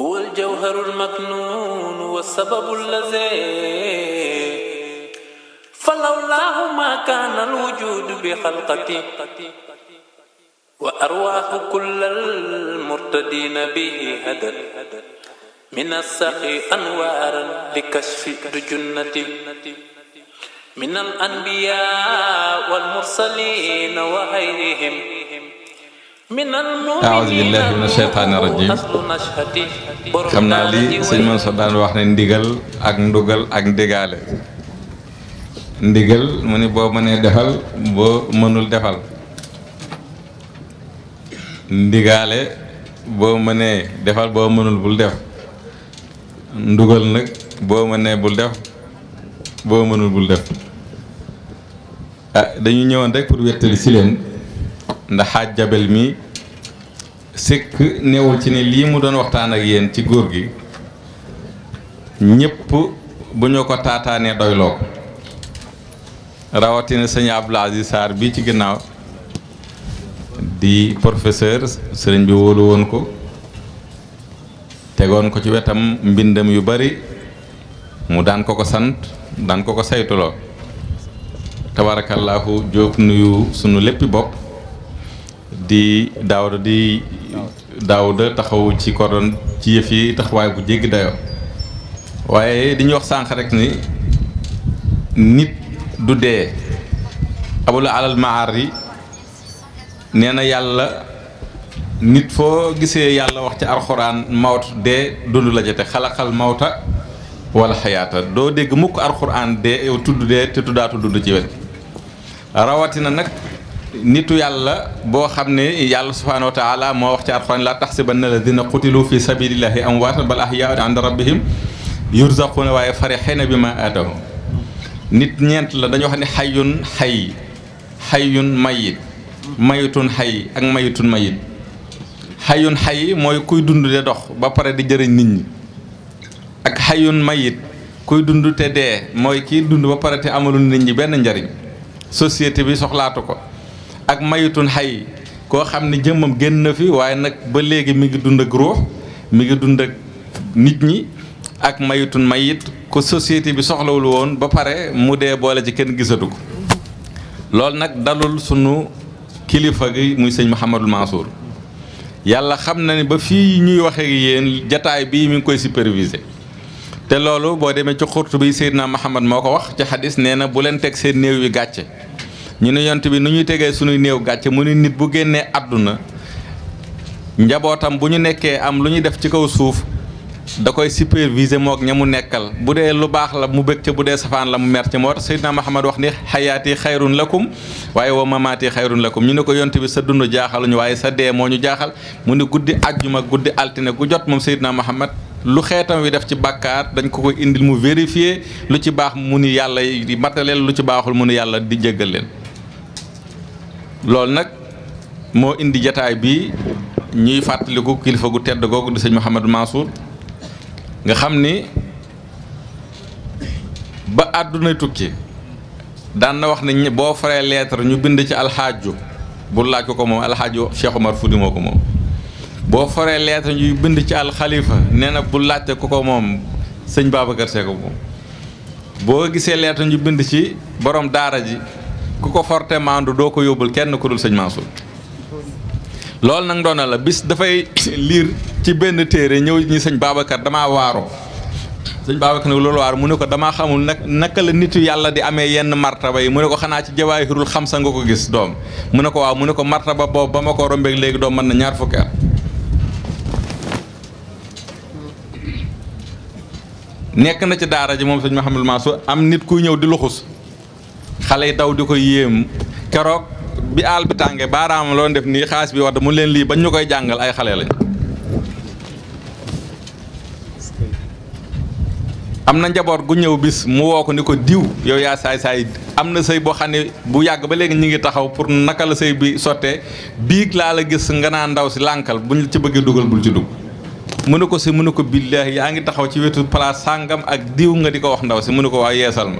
هو الجوهر المكنون والسبب الذي فلولاه ما كان الوجود بخلقتي وأرواح كل المرتدين به هدت من السخي أنوارا لكشف دجنتي من الأنبياء والمرسلين وغيرهم aawuzu billaahi na sheytaani rajiim xam naa li sëñ Mansour daan wax ne ndigal ak ndugal ak ndigaale ndigal mu ni boo mënee defal boo mënul defal ndigaale boo mënee defal boo mënul bul def ndugal nag boo mënee bul def boo mënul bul def ah dañu ñëwoon rek pour wéttali si leen ndax xaaj jabel mi sikk newul ci ne lii mu doon waxtaan ak yéen ci góor gi ñépp bu ñu ko taataane doyloo ko rawatina sëñ Abdou Aziz Sarr bii ci ginnaaw di professeur sëriñ bi wóolu woon ko tegoon ko ci wetam mbindam yu bari mu daan ko ko sant daan ko ko saytuloo tabaarakallaahu jóob nuyu sunu léppi bopp di Daouda di Daouda taxawu ci cordon ci yëf yi taxawaay bu jéggi dayoo waaye dañuy wax sànq rek ni nit du dee abul alal maar yi nee na yàlla nit foo gisee yàlla wax ci alxuraan mawt dee dund la jate xalaqal mawta wala xayaata doo dégg mukk alxuraan dee yow dee te tuddaatu dund ci rawatina nag nitu yàlla boo xam ne yàlla subhaanahu wa taala moo wax ci alxuraan laa taxsibanna alladina qutilu fi sabilillahi amwaatan bal ahyaun inda rabbihim yurzaquuna waaye farixeena bi ma aatahu nit ñeent la dañu wax ne xayun xay xayun mayit mayitun xay ak mayitun mayit xayun xay mooy kuy dund de dox ba pare di jëriñ nit ñi ak xayun mayit kuy dund te dee mooy kiy dund ba pare te amalul nit ñi benn njariñ société bi soxlaatu ko ak mayitun xay koo xam ne jëmmam génn na fi waaye nag ba léegi mi ngi dund ak ruux mi ngi dund ak nit ñi ak mayitun mayet ko société bi soxlawul woon ba pare mu dee boole ci kenn gisatu ko loolu nag dalul sunu kilifa gi muy sëñ Mouhamadul Mansour yàlla xam na ni ba fii ñuy waxee yéen jataay bii mi ngi koy superviser te loolu boo demee ci xurtu bi Seydina Muhammad moo ko wax ci xadis nee na bu leen teg seen néew yi gàcce ñu ne yont bi nu ñuy tegee suñuy néew gàcce mu ni nit bu génnee àdduna njabootam bu ñu nekkee am lu ñuy def ci kaw suuf da koy superviser moog ña mu nekkal bu dee lu baax la mu bëgg ca bu dee safaan la mu mer ca moo tax Seydina Muhammad wax ni xayaati xayrun lakum waaye wa mamaati xayrun lakum ñu ne ko yont bi sa dund jaaxaluñu waaye sa dee moo ñu jaaxal mu ne guddi àjjuma guddi altine gu jot moom Seydina Muhammad lu xeetam wi def ci bàkkaar dañ ko koy indil mu vérifier lu ci baax mu ni yàlla di mataleel lu ci baaxul mu ni yàlla di jéggal leen loolu nag moo indi jataay bii ñuy fàttaliku kilifa gu tedd googu di sëñ Mouhamadou Mansour nga xam ni ba àdduna tukki daan na wax ne boo faree lettre ñu bind ci alxaaju bu laaj ko ko moom alxaaju Cheikh Omar Fouti moo ko moom boo faree lettre ñu bind ci alxalifa nee na bu laajte ko ko moom sëñ Babacar Seck boo gisee lettre ñu bind ci borom daara ji ku ko forte maandu doo ko yóbbul kenn ku dul sëñ Mansour loolu nag doona la bis dafay liir ci benn téere ñëw ñi sëñ Babacar damaa waaroo sëñ Babacar nag loolu waar mu ne ko damaa xamul nag naka la nitu yàlla di amee yenn martaba yi mu ne ko xanaa ci jawaay jawaahirul xam sa nga ko gis doom mu ne ko waaw mu ne ko martaba boobu ba ma ko rombeek léegi doom mën na ñaar fukki nekk na ci daara ji moom sëñ Mouhamadou Mansour am nit kuy ñëw di luxus xale yi daw di ko yéem keroog bi aal bi tàngee baaraam loon def nii xaalis bi wadd mu leen lii bañ ñu koy jàngal ay xale lañ am na njaboot gu ñëw bis mu woo ko ni ko diw yow yaa saay saay am na sëy boo xam ne bu yàgg ba léegi ñu ngi taxaw pour naka la sëy bi sottee biig laa la gis nga naa ndaw si lànkal buñ ci bëggee dugal bul ci dugg mu ne ko si mu ne ko billaahi yaa ngi taxaw ci wetu place sàngam ak diw nga di ko wax ndaw si mu ne ko waaye yeesal ma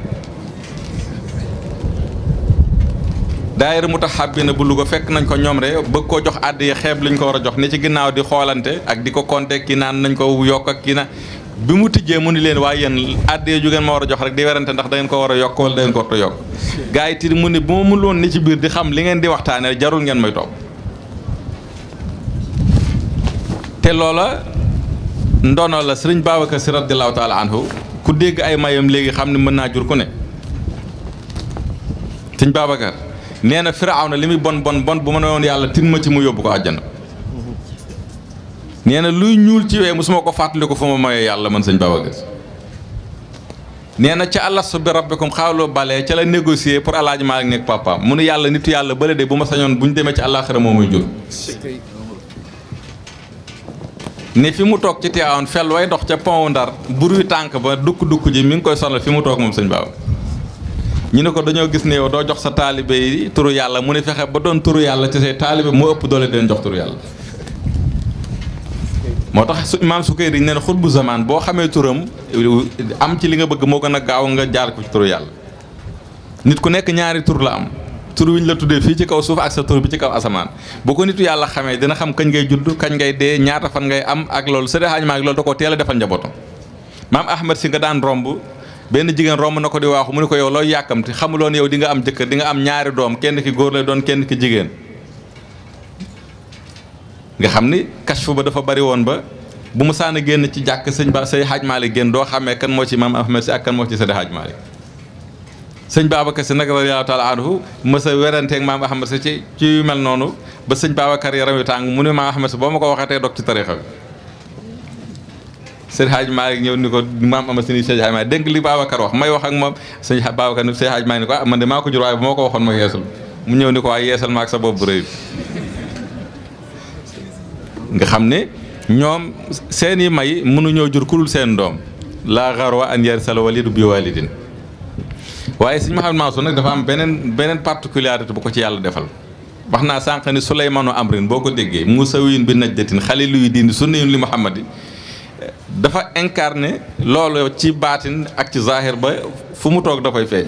daayira mu tax xàbbi na bu Louga fekk nañ ko ñoom re bëgg koo jox àdd yi xeeb liñ ko war a jox ni ci ginnaaw di xoolante ak di ko compter ki naan nañ ko yokk ak ki na bi mu tijjee mu ni leen waaye yéen àddee ju ngeen ma war a jox rek di werante ndax da ko war a yokk wala da ko war a yokk gaa yi tiit mu ni bu ma mënul woon ni ci biir di xam li ngeen di waxtaanee jarul ngeen may topp te loola ndono la sëriñ Babacar Si radiyallaahu taala anhu ku dégg ay mayam léegi xam ne mën naa jur ku ne nee na li muy bon bon bon bu ma ne woon yàlla tin ma ci mu yóbbu ko àjjana nee na luy ñuul ci wee mosuma ko fàttaliku fu ma mayee yàlla man sañ Baba a nee na ca alastu bi rabbikum xaaloo balee ca la négocier pour alaaji maa nekk papaam mu yàlla nitu yàlla bële de bu ma sañoon bu ñu demee ci àllaaxira moomuy muy jur ne fi mu toog ci Tiwaawan fel way dox ca pont Ndar buru tànk ba dukk dukk ji mi ngi koy sonal fi mu toog moom sañ Baba ñu ne ko dañoo gis ne yow doo jox sa taalibe yi turu yàlla mu ne fexe ba doon turu yàlla ci say bi moo ëpp doole den jox turu yàlla moo tax su su imaam Sukayri ne xutbu zamaan boo xamee turam am ci li nga bëgg moo gën a gaaw nga jaar ko ci turu yàlla nit ku nekk ñaari tur la am tur wi la tuddee fii ci kaw suuf ak sa tur bi ci kaw asamaan bu ko nitu yàlla xamee dina xam kañ ngay judd kañ ngay dee ñaata fan ngay am ak loolu sëriñ Haaji Maalik loolu da koo teel a defal njabootam maam Ahmed si nga daan romb benn jigéen romb na ko di waaxu mu ne ko yow looy yàkkamti xamuloon yow di nga am jëkkër di nga am ñaari doom kenn ki góor lay doon kenn ki jigéen nga xam ni kashfu ba dafa bari woon ba bu mu saan génn ci jàkk sëñ ba say Hadj Malick génn doo xamee kan moo ci maam Ahmed si ak moo ci Seydi Hadj Malick sëñ Babacar si nag radiyallaahu taala anhu mës a weranteeg maam Ahmed ci yu mel noonu ba sëñ Babacar yaram yu tàng mu ne maam Ahmed si boo ma ko waxatee dog ci tarixa bi sëñ Hadj Malick ñëw ni ko maam ama sëñ Hadj Malick dégg li Babacar wax may wax ak moom sëñ Babacar sëñ Hadj Malick ni ko ah man de maa ko jur waaye bu ma ko waxoon ma yeesul mu ñëw ni ko waaye yeesal ma ak sa bopp bu nga xam ne ñoom seeni may mënuñoo jur kulul seen doom laa xarwa an yarsala walidu bi walidin waaye sëñ Mouhamed Mansour nag dafa am beneen beneen particularité bu ko ci yàlla defal wax naa sànq ni Souleymanu Amrin boo ko déggee Moussa wiin bi najdatin xalilu yu diin sunniyun li Muhammadi dafa incarné loolu ci baatin ak ci zahir ba fu mu toog da koy feeñ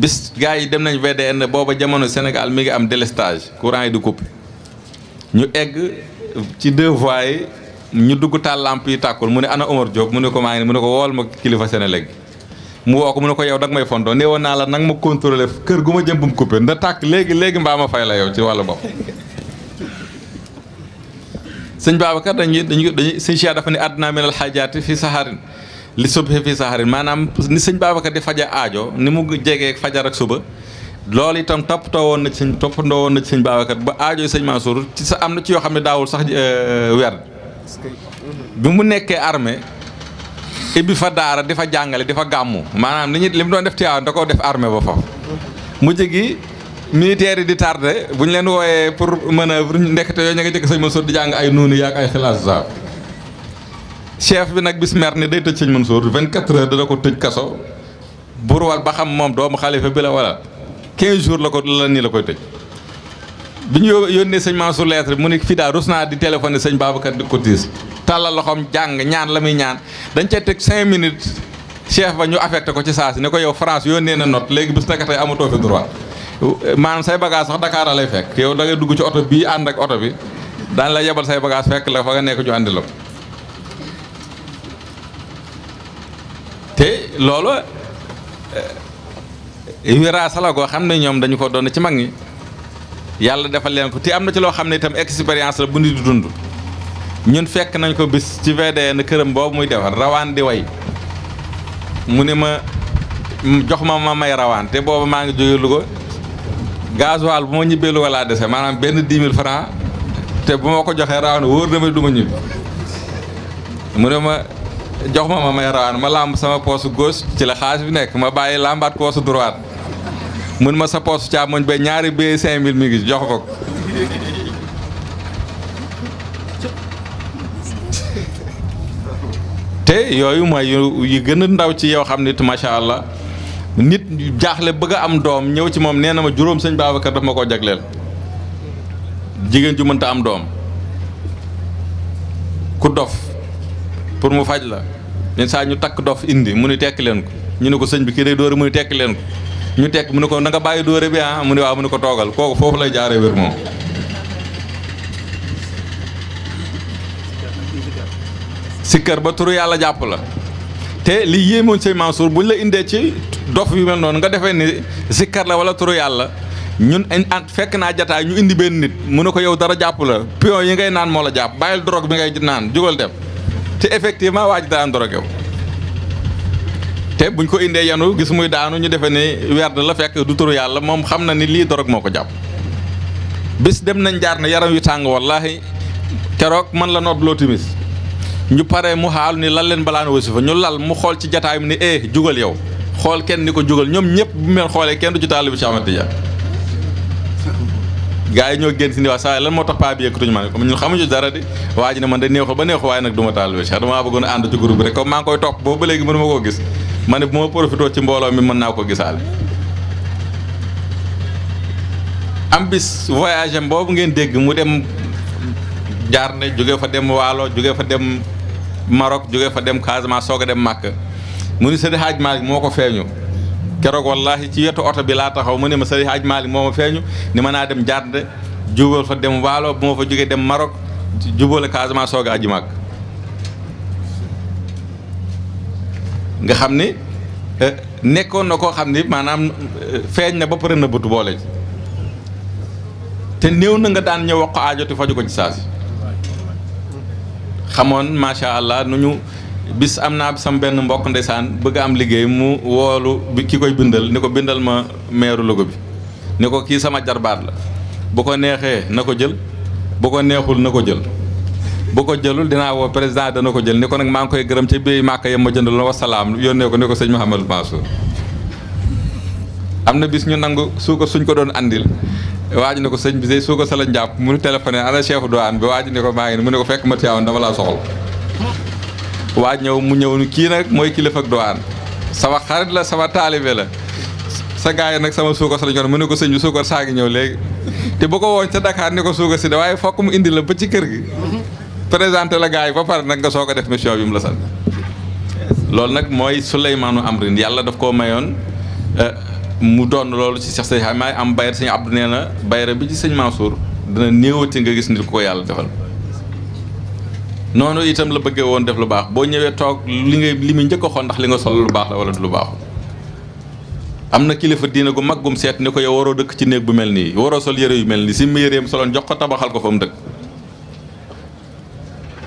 bis gars yi dem be nañ VDN booba jamono Sénégal mi ngi am delestage courant yi di coupe ñu egg ci deux voies yi ñu dugg taal lamp yi tàkkul mu ne ana Omar Diop mu ne ko maa ngi mu ne ko wool ma kilifa Sénélec mu woo ko mu ne ko yow dag may fondoo nee woon naa la nag ma contrôlé kër gu ma jëm bu mu coupé nda tàkk léegi léegi mbaa ma fay la yow ci wàllu bopp sëñ Babacar dañuy dañuy dañuy sëñ Cheikh dafa ne àddina minal xaajaati fii saxaarin li subhi fii saxaarin maanaam ni sëñ Babacar di faja aajo ni mu jegee fajar ak suba loolu itam toppatoo woon na ci sëñ toppandoo woon na sëñ Babacar ba aajo sëñ Mansour ci sa am na ci o xam ne daawul sax eh, wer bi mu nekkee armée ibbi fa daara di fa jàngale di fa gàmmu maanaam li ñu li mu doon def Tiwaawan da koo def armee ba foofu mujj gi militaire yi di tardé bu ñu leen wooyee pour manœuvre ndekete yooyu ña nga jëkk sëñ Mansour di jàng ay nuunu yaak ay xilaas saab chef bi nag bismer ni day tëj sëñ Mansour 24 heures dana ko tëj kaso bur wal ba xam moom doomu xalifa bi la wala 15 jours la ko la nii la koy tëj bi ñu yónnee sëñ Mansour lettre mu ne fii daal naa di téléphoné sëñ Babacar di ko tiis tàllal loxoom jàng ñaan la muy ñaan dañ cay teg 5 minutes chef ba ñu affecté ko ci saa si ne ko yow France yónnee na note léegi bis naka tey amatoo fi droit. maan say bagage sax Dakar fekk yow da dugg ci oto bii ànd ak oto bi daan la yebal say bagage fekk la fa nga nekk ñu àndi la ko te loolu eh, wiraasa la koo xam ne ñoom dañu ko doon ci mag ñi yàlla defal leen ko te am na ci loo xam ne itam expérience la bu nit dund ñun fekk nañ ko bis ci VDN këram boobu muy defar rawaan di way mu ne ma jox ma ma may rawaan te boobu maa ngi jóge Louga gasoil bu ma ñibbee Louga laa dese maanaam benn dix mille franc te bu ma ko joxee rawaane wóor na ma du ma ñibbi mu ne ma jox ma ma may rawaane ma làmb sama poosu gauche ci la xaalis bi nekk ma bàyyi làmbaat poosu droite mun ma sa poosu càmmoñ ba ñaari bee cinq mille mi ngi jox ko. te yooyu mooy yu gën ndaw ci yow xam nit macha allah. nit jaaxle bëgg am doom ñëw ci moom nee na ma juróom sëñ Babacar daf ma koo jagleel jigéen ju mënta am doom ku dof pour mu faj la yenn saa ñu takk dof indi mu ni tekk leen ko ñu ne ko sëñ bi kii day dóore mu ni tekk leen ko ñu tekk mu ne ko nanga bàyyi dóore bi ah mu ne waaw mu ne ko toogal kooku foofu lay jaaree wér moom sikkar ba turu yàlla jàpp la te lii li yéemoon sëñ bu ñu la indee ci dof yu mel noonu nga defee ni zikkar la wala turu yàlla ñun an fekk naa jataay ñu indi benn nit mu ne ko yow dara jàpp la pion yi ngay naan moo la jàpp bàyyil drogue bi ngay naan jógal dem te effectivement waa ji daan drogue yow te buñ ko indee yanu gis muy daanu ñu defee ni werd la fekk du turu yàlla moom xam na ni lii drogue moo ko jàpp bis dem nañ jaar na yaram yu tàng wallaahi keroog man la noot loo ñu pare mu xaalu ni lal leen balaan wasifa ñu lal mu xool ci jataay mu ni eh jugal yow xool kenn ni ko jugal ñoom ñëpp bu mel xoolee kenn du ci taalibu Cheikh Ahmed Tidiane gaa yi ñoo génn si ni waa lan moo tax paa bi yëkkatuñu ma ne ko ñun dara waa ji man de neexul ba neexul waaye nag du ma taalibu Cheikh damaa a ànd ci groupe bi rek comme koy topp boobu ba ma koo gis ne bu ma profité ci mbooloo mi mën naa ko gisaale am bis voyage boobu ngeen dégg mu dem jaar ne jóge fa dem waalo jóge fa dem Maroc jóge fa dem Casamance soog dem Màkk mu ni Sëriñ Haaj Maalik moo ko feeñu keroog wallahi ci yetu oto bi laa taxaw mu ne ma Sëriñ Haaj Maalik moo feeñu ni ma naa dem Jàdd jubal fa dem Waalo bu ma fa jógee dem Maroc jubal Casamance soog a aji Màkk nga xam ni eh, nekkoon na ko xam ni maanaam eh, feeñ na ba pare nëbbatu boole te néew na nga daan ñëw wax ko aajoti faju ko ci saasi xamoon macha allah nu ñu bis am naa sama benn mbokk ndeysaan bëgg am liggéey mu woolu bi ki koy bindal ni ko bindal ma meeru Louga bi ni ko kii sama jarbaat la bu ko neexee na ko jël bu ko neexul na ko jël bu ko jëlul dinaa woo président dana ko jël ni ko nag maa ngi koy gërëm ca biir màkk yam ma jënd jëndaloon wasalaam yónnee ko ne ko sëñ Mouhamadou Mansour am na bis ñu nangu suukar suñ ko doon andil waa ji ne ko sëñ bi say soo ko salañ jàpp mu téléphoné ana chef douane bi waa ji ne ko maa ngi ne mu ne ko fekk ma tiyaawoon dama laa soxla waa ñëw mu ñëw ni kii nag mooy kilifa ak sama xarit la sama taalibe la sa gars yi nag sama suukar sa la ñor mu ne ko sëñ bi suukar saa ngi ñëw léegi te bu ko woon ca Dakar ne ko suukar si da waaye fokk mu indi la ba ci kër gi présenté la gars yi ba pare nag nga soo ko def mission bi mu la sant loolu nag mooy Souleymane Amrine yàlla def koo mayoon euh, mu doon loolu ci Cheikh Seydi maa ngi am bayra sëñ Abdou nee na bayra bi ci sëñ Mansour dana néewati nga gis nit ku ko yàlla defal noonu itam la bëggee woon def lu baax boo ñëwee toog li nga li muy njëkk xool ndax li nga sol lu baax la wala du lu baaxul am na kilifa diina gu mag gum seet ni ko yow waroo dëkk ci néeg bu mel nii waroo sol yére yu mel nii si mu yéreem soloon jox ko tabaxal ko fa mu dëkk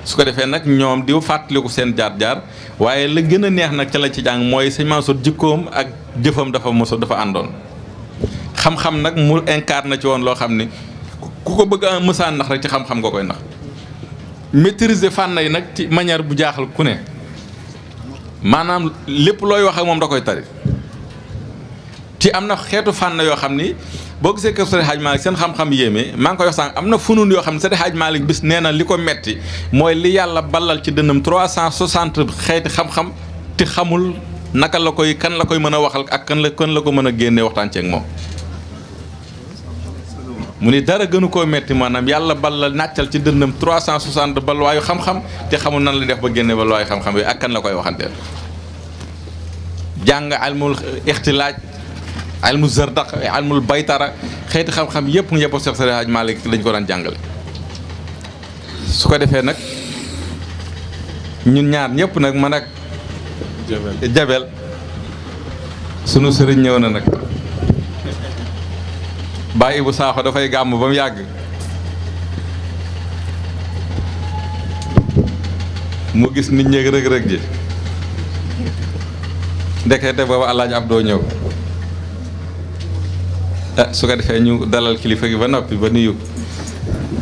su ko defee nag ñoom di fàttaliku seen jaar-jaar waaye la gën a neex nag ca la ci jàng mooy sëñ jikkoom ak jëfam dafa moso dafa àndoon xam-xam nag mu incarné na ci woon loo xam ni ku ko bëgg a mësaan ndax rek ci xam-xam nga koy ndax maîtriser fànn yi nag ci manière bu jaaxal ku ne maanaam lépp looy wax ak moom da koy tari ci am na xeetu fànn yoo xam ni boo gisee kër Seydi Hadj Malick seen xam-xam yéeme maa ngi koy wax sànq am na funun yoo xam ne Seydi Hadj Malick bis nee na li ko metti mooy li yàlla ballal ci dënnam 360 xeeti xam-xam te xamul naka la koy kan la koy mën a waxal ak kan la kan la ko mën a génnee waxtaan ceeg ni dara gënu koo metti maanaam yàlla ballal nàccal ci dënnam 360 balwaayu xam-xam te xamul nan la def ba génne balwaayu xam-xam yooyu ak kan la koy waxanteel jàng almul ixtilaaj almu zërdaq almul baytara xeeti xam-xam yëpp nga yeboo Seex Seydi Hajji Maalik lañ ko daan jàngale su ko defee nag ñun ñaar ñëpp nag man ak jabel sunu sëriñ ñëw na nag bàyyi bu saaxo dafay gàmm ba mu yàgg mu gis nit ñeeg rëg-rëg ji ndekete boobu Alaaji Abdoo ñëw Ah, su ko defee ñu dalal kilifa gi ba noppi ba nuyu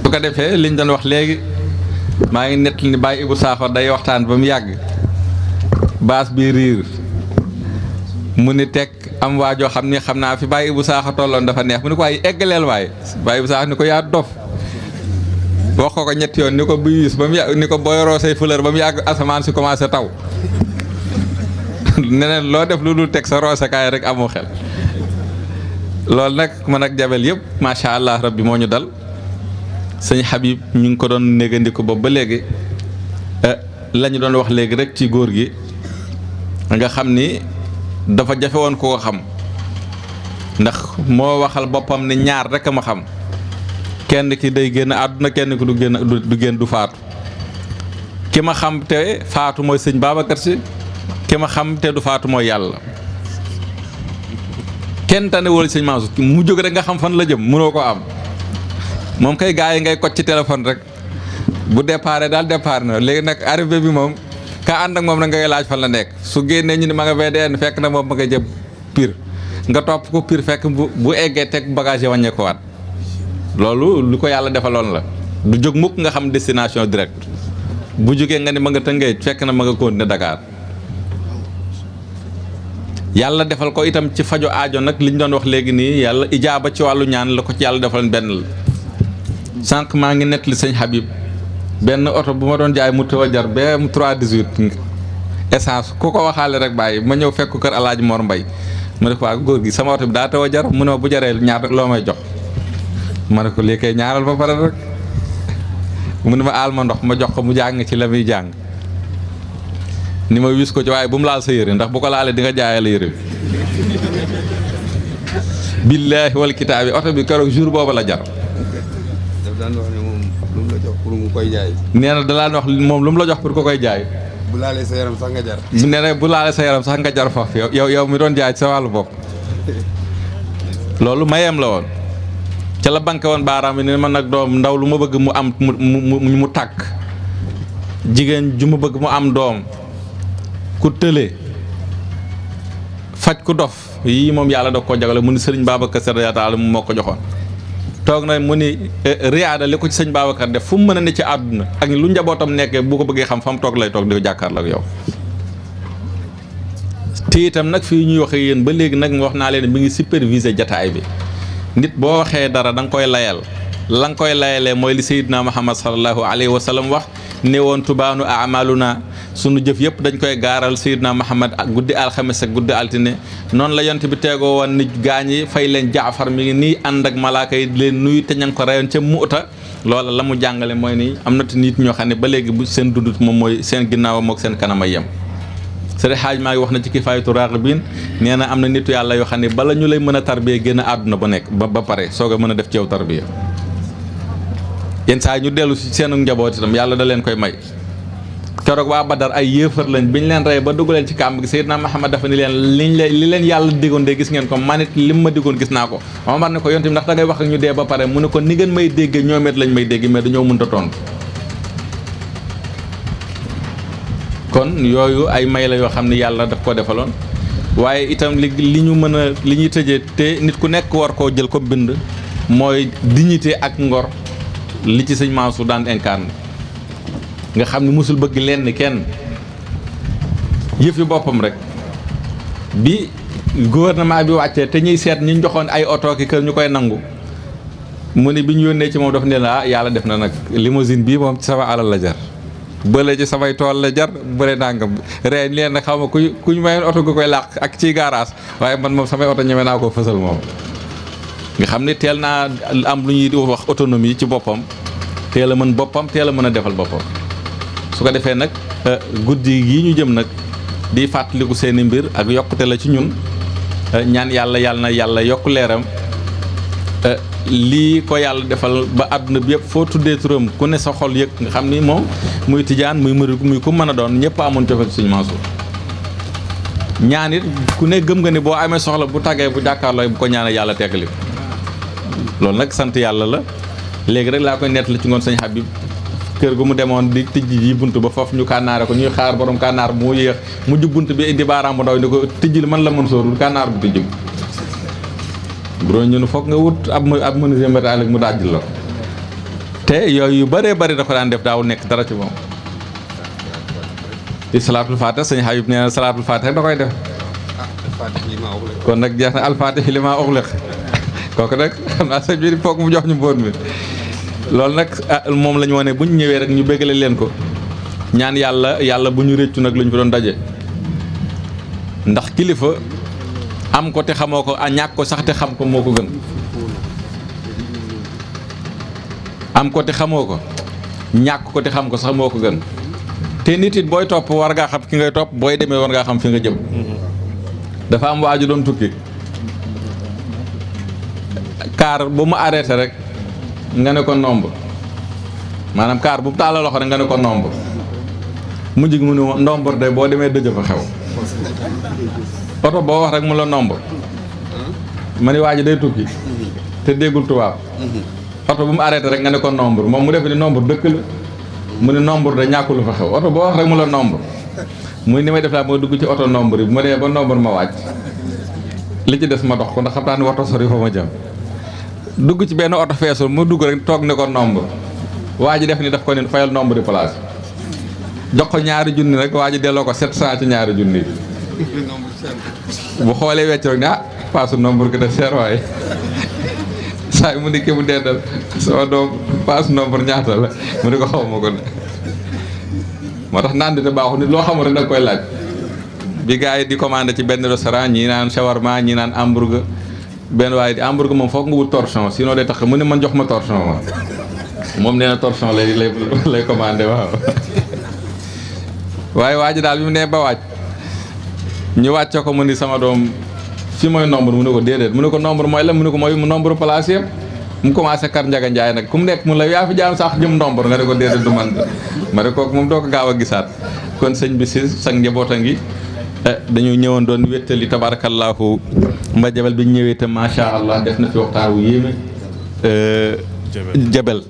su ko defee liñ doon wax léegi maa ngi nett ni Baye Ibou Sakho day waxtaan ba mu yàgg baas bii riir mu ni teg am waa joo xam ni xam naa fi Baye Ibou Sakho tolloon dafa neex mu ni ko waaye eggaleel waaye Baye Ibou Sakho ni ko yaa dof wax ko ko ñetti yoon ni ko bu wiis ba mu yàgg ni ko boo yoroo say fleur ba mu yàgg asamaan si commencé taw neneen loo def lu dul teg sa roosekaay rek amoo xel loolu nag man ak jabel yëpp macha allah rabbi moo ñu dal sëñ Habib ñu ngi ko doon néegandiku boobu ba léegi eh, lañu doon wax léegi rek ci góor gi nga xam ni dafa jafe woon koo xam ndax moo waxal boppam ne ñaar rek a ma xam kenn ki day génn àdduna kenn ki du génn du génn du faatu ki ma xam te faatu mooy sëñ Babacar si ki ma xam te du faatu mooy yàlla. kenn tane wala sëñ mu jóg rek nga xam fan la jëm mënoo ko am moom kay gars yi ngay kocc ci téléphone rek bu départ daal départ na léegi nag arrivé bi moom ka ànd ak moom na ngay laaj fan la nekk su génnee ñu ne ma nga VDN fekk na moom ma nga jëm pire nga topp ko piir fekk bu bu eggee teg bagage yi wàññeeku waat loolu lu ko yàlla defaloon la du jóg mukk nga xam destination directe bu jógee nga ne ma nga tëngee fekk na ma nga continuer Dakar. yàlla defal ko itam ci fajo aajo nag liñ doon wax léegi nii yàlla ijaaba ci wàllu ñaan la ko ci yàlla defal benn la sànq maa ngi nettali sëñ Habib benn oto bu ma doon jaay mu taw a jar bee 318 essence ku ko waxaale rek bàyyi ma ñëw fekk kër El moor mbay Mbaye ma ne ko waa góor gi sama oto bi daa taw jar mu ne bu jaree ñaar loo may jox ma ne ko lii kay ñaaral ba pare rek mu ne ma aal ma ndox ma jox ko mu jàng ci la muy jàng. ni ma wis ko ci waaye bu mu laal sa yére ndax bu ko laalee di nga jaayal yére bi billaahi wal kitaabi oto bi keroog jour boobu la jar. daf daan wax ne moom mu koy jaay. nee na da daan wax moom lu mu la jox pour ko koy jaay. bu laalee sa yaram sax nga jar. nee na bu laalee sa sax nga jar faf yaw yow mi doon jaay sa wàllu bopp loolu mayem la woon. ca la banque woon baaraam bi ne man nag doom ndaw lu ma bëgg mu am mu mu takk jigéen ju ma bëgg mu am doom. ku tële faj ku dof yii moom yàlla da ko jagale mu ni sëriñ Babacar Sall moo ko joxoon toog na mu ni e, riyaada li ko ci sëñ def fu mu mën a ne ci àdduna ak lu njabootam nekkee bu ko bëggee xam fa toog lay toog di ko jàkkaarloo yow. te itam nag fii ñuy waxee yéen ba léegi nag wax naa leen mi ngi superviser jataay bi nit boo waxee dara da nga koy layal la koy layalee mooy li Seydina Muhammad sallallahu alayhi wa sallam wax ne woon sunu jëf yëpp dañ koy gaaral Seydina Muhammad guddi alxames ak guddi altine noonu la yant bi teegoo woon nit gaañ yi fay leen jaafar mi ngi nii ànd ak malaaka yi leen nuy te ñan ko reyoon ca muuta loola la mu jàngale mooy nii am na te nit ñoo xam ne ba léegi bu seen dundut moom mooy seen ginnaawam ak seen kanam a yem sëriñ xaaj maa ngi wax na ci kifaayatu raaxibiin nee na am na nitu yàlla yoo xam ne bala ñu lay mën a tarbiya génn àdduna ba nekk ba ba pare soog a mën a def ci yow tarbiya saa ñu dellu si seenu njaboot itam yàlla da leen koy may keroog waa Badar ay yéefar lañ bi ñu leen rey ba dugg leen ci kàmb gi Seydina Muhammad dafa ni leen liñ leen li leen yàlla digoon de gis ngeen ko man it lim ma digoon gis naa ko Omar ne ko yonte bi ndax da ngay wax ak ñu dee ba pare mu ne ko ni ngeen may déggee ñoom it lañ may dégg mais dañoo mënta tontu kon yooyu ay may la yoo xam ne yàlla daf ko defaloon waaye itam li li ñu mën a li ñuy tëjee te nit ku nekk war koo jël ko mbind mooy di dignité ak ngor li ci sëñ Mansour daan incarné nga xam ne mosul bëgg lenn kenn yëf yu boppam rek bi gouvernement bi wàccee te ñuy seet ñu joxoon ay oto ki kër ñu koy nangu mu ne bi ñu yónnee ci moom dafa ne la ah, yàlla def na nag limousine bii moom sama alal la jar bële ci samay tool la jar bële nangam reen leen na xaw ma ku ku ñu mayoon oto nga koy làq ak ci gaaraas waaye man moom samay oto ñeme naa koo fësal moom. nga xam ne teel naa am lu ñuy wax autonomie ci boppam teel a mën boppam teel a mën a defal boppam. su ko defee nag euh, guddi yi ñu jëm nag di fàttaliku seeni mbir ak yokkute la ci ñun euh, ñaan yàlla yàlla na yàlla yokk leeram euh, lii ko yàlla defal ba àdduna bi yëpp foo tuddee turam ku ne sa xol yëg nga xam ni moom muy tijaan muy murit muy ku mën a doon ñëpp amoon cofeel Sëriñ Mansuur ñaan it ku ne gëm nga ni boo amee soxla bu tàggee bu jàkkaarlooy bu ko ñaane yàlla teggali loolu nag sant yàlla la léegi rek laa koy nettali ci ngoon sëñ Habib kër gu mu demoon di tijji ji bunt ba foofu ñu kànnaare ko ñuy xaar borom kànnaar mu yéex mujj bunt bi indi baaraam bu ndaw ni ko tijjil man la mën sóorul kànnaar bu tijji bu doon ñu nga wut mu dajjil la ko te yooyu yu bëree da ko daan def daawul nekk dara ci moom ci salaatul faatiha sëñ Habib nee na salaatul faatiha da koy def kon nag jeex na alfaatihi li maa uxliq kooku nag xam naa sëñ bi foog mu jox ñu mboon mi loolu nag ah, moom la ñu wane bu ñu ñëwee rek ñu bégale leen ko ñaan yàlla yàlla bu ñu réccu nag lu ñu fa doon daje ndax kilifa am ko te xamoo ko a ah, ñàkk ko sax te xam ko moo ko gën am ko te xamoo ko ñàkk ko te xam ko sax moo ko gën te nit it booy topp war ngaa xam ki ngay topp booy demee war ngaa xam fi nga jëm dafa am waaju doon tukki kaar bu mu arrêté rek nga ne ko nomb maanaam kaar bu taal la loxo rek nga ne ko nomb mujj gi mu ne ndombar day boo demee dëjë fa xew oto boo wax rek mu nomb ma ni waa ji day tukki te déggul tubaab bu mu arrêté rek nga ne nombre moom mu def ni nombre dëkk la mu ne nombre da ñàkkul fa xew oto boo wax rek mu la nombre muy ni may def laa mooy dugg ci oto nombre yi bu ma demee ba nombre ma wàcc li ci des ma dox ko ndax xam naa ne waxtu sori fa ma jëm dugg ci benn oto feesul mu dugg rek toog ne ko nombre waa ji def ni daf ko nen fayal nombre de place jox ko ñaari junni rek waa ji delloo ko 700 ci ñaari junni bu xoolee wecc rek ne ah paasu nombre gi da seer waaye saa yi mu dikkee mu dendal sama doom paasu nombre ñaata la mu ne ko xaw ma ko ne moo tax naan dite baaxu nit loo xamul rek danga koy laaj bi gars yi di commandé ci benn restaurant ñi naan shawarma ñi naan hamburger benn waaye di hamburger moom foog nga wut torchon sinon day tax mu ne man jox ma torchon ma moom nee na torchon lay lay lay commandé waaw waaye waa ji daal bi mu nee ba waaj ñu wàcce ko mu ni sama doom fi mooy nombre mu ne ko déedéet mu ne ko nombre mooy la mu ne ko mooy nombre place yëpp mu commencé kar njaga njaay nag ku mu nekk mu la yaa fi jaam sax jëm nombre nga ne ko déedéet du man ma ne kooku moom doo ko gaaw a gisaat kon sëñ bi si sang njaboota ngi Eh, dañu ñëwoon doon wéttali tabaarakallaahu mba jabel bi ñëwee te macha allah def na fi waxtaan wu yéeme. Eh, jabel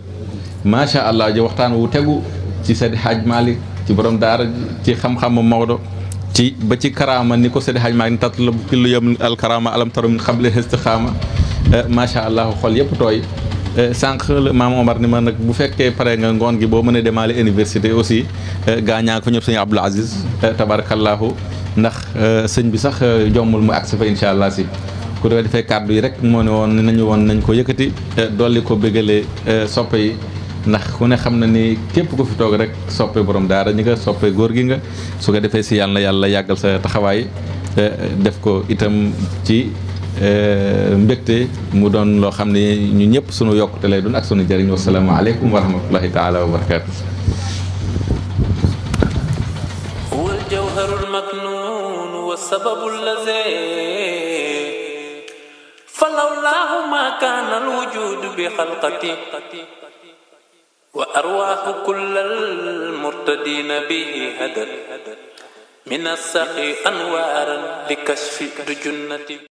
macha allah ji waxtaan wu tegu ci Seydi Hadj Malick ci borom daara ci xam-xamu Maodo ci ba ci karaama ni ko Seydi Hadj Malick tatlabu kullu yawmin al karaama alam tara min qabli istiqaama eh, macha allah xol yëpp tooy. sànq maam Omar ni ma nag bu fekkee pare nga ngoon gi boo mënee demaale université aussi gaañaa ko fa ñëpp sëñ Abdoul Aziz tabarakallahu ndax euh, sëñ bi sax euh, jombul mu agsi fa incha allah si ku doon defee kàddu yi rek moo ne woon nañu woon nañ ko yëkkati dolli ko bégalee euh, soppe yi ndax ku ne xam na ni képp ku fi toog rek soppe borom daara ñi nga soppe góor gi nga su ko defee si yàlla yàlla yàggal sa taxawaay def ko itam ci mbégte mu doon loo xam ne ñu ñëpp sunu yokkute lay doon ak sunu jëriñ wasalaamaaleykum wa rahmatullahi taala wa barakaatu السبب الذي فلولاه ما كان الوجود بخلقتي وأرواح كل المرتدين به هدت من السخي أنوارا لكشف دجنتي